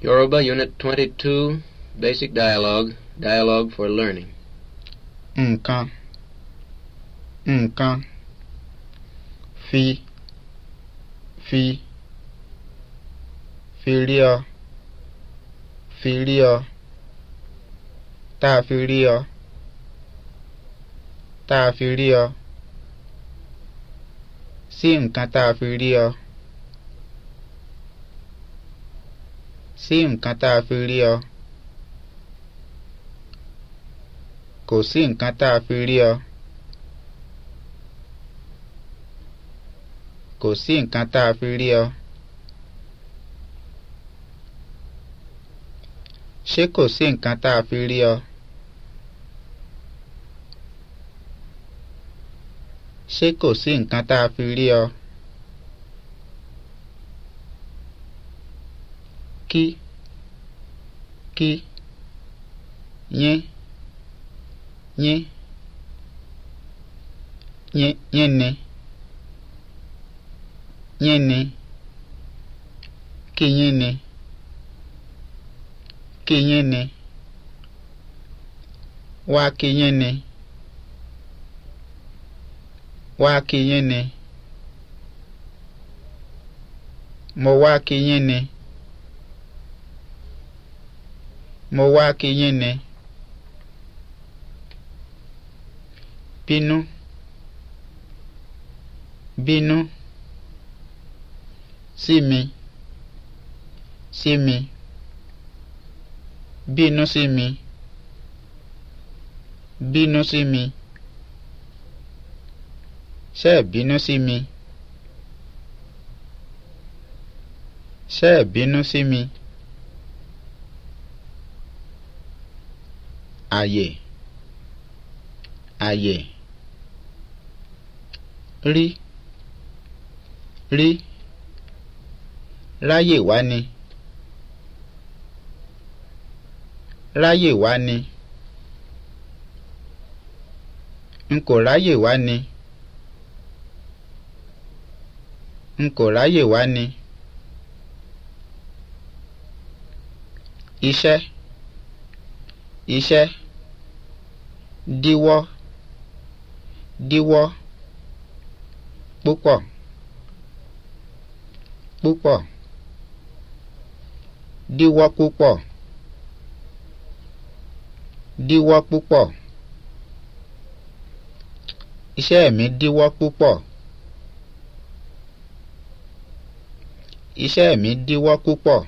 Yoruba Unit 22 Basic Dialogue Dialogue for Learning Nǹkan Nǹkan Fi Fi filia, filia, ta filia, ta filia, si a ta filia. sí nǹkan tá a fi rí ọ kò sí nǹkan tá a fi rí ọ kò sí nǹkan tá a fi rí ọ ṣé kò sí nǹkan tá a fi rí ọ ṣé kò sí nǹkan tá a fi rí ọ. ké ké yẹn yẹn yẹn yẹnẹ yẹnẹ ké yẹnẹ ké yẹnẹ wá ké yẹnẹ wá ké yẹnẹ mo wá ké yẹnẹ. mo wá kí yín ni bínú bínú sí mi sí mi bínú sí mi bínú sí mi ṣe bínú sí mi ṣe bínú sí mi. Ṣé bínú sí mi? àyẹ̀ àyẹ̀ rí rí ráyè wá ni ráyè wá ni n kò ráyè wá ni n kò ráyè wá ni iṣẹ́ iṣẹ́ díwọ́ díwọ́ púpọ̀ púpọ̀ díwọ́ púpọ̀ díwọ́ púpọ̀ iṣẹ́ mi díwọ́ púpọ̀ iṣẹ́ mi díwọ́ púpọ̀.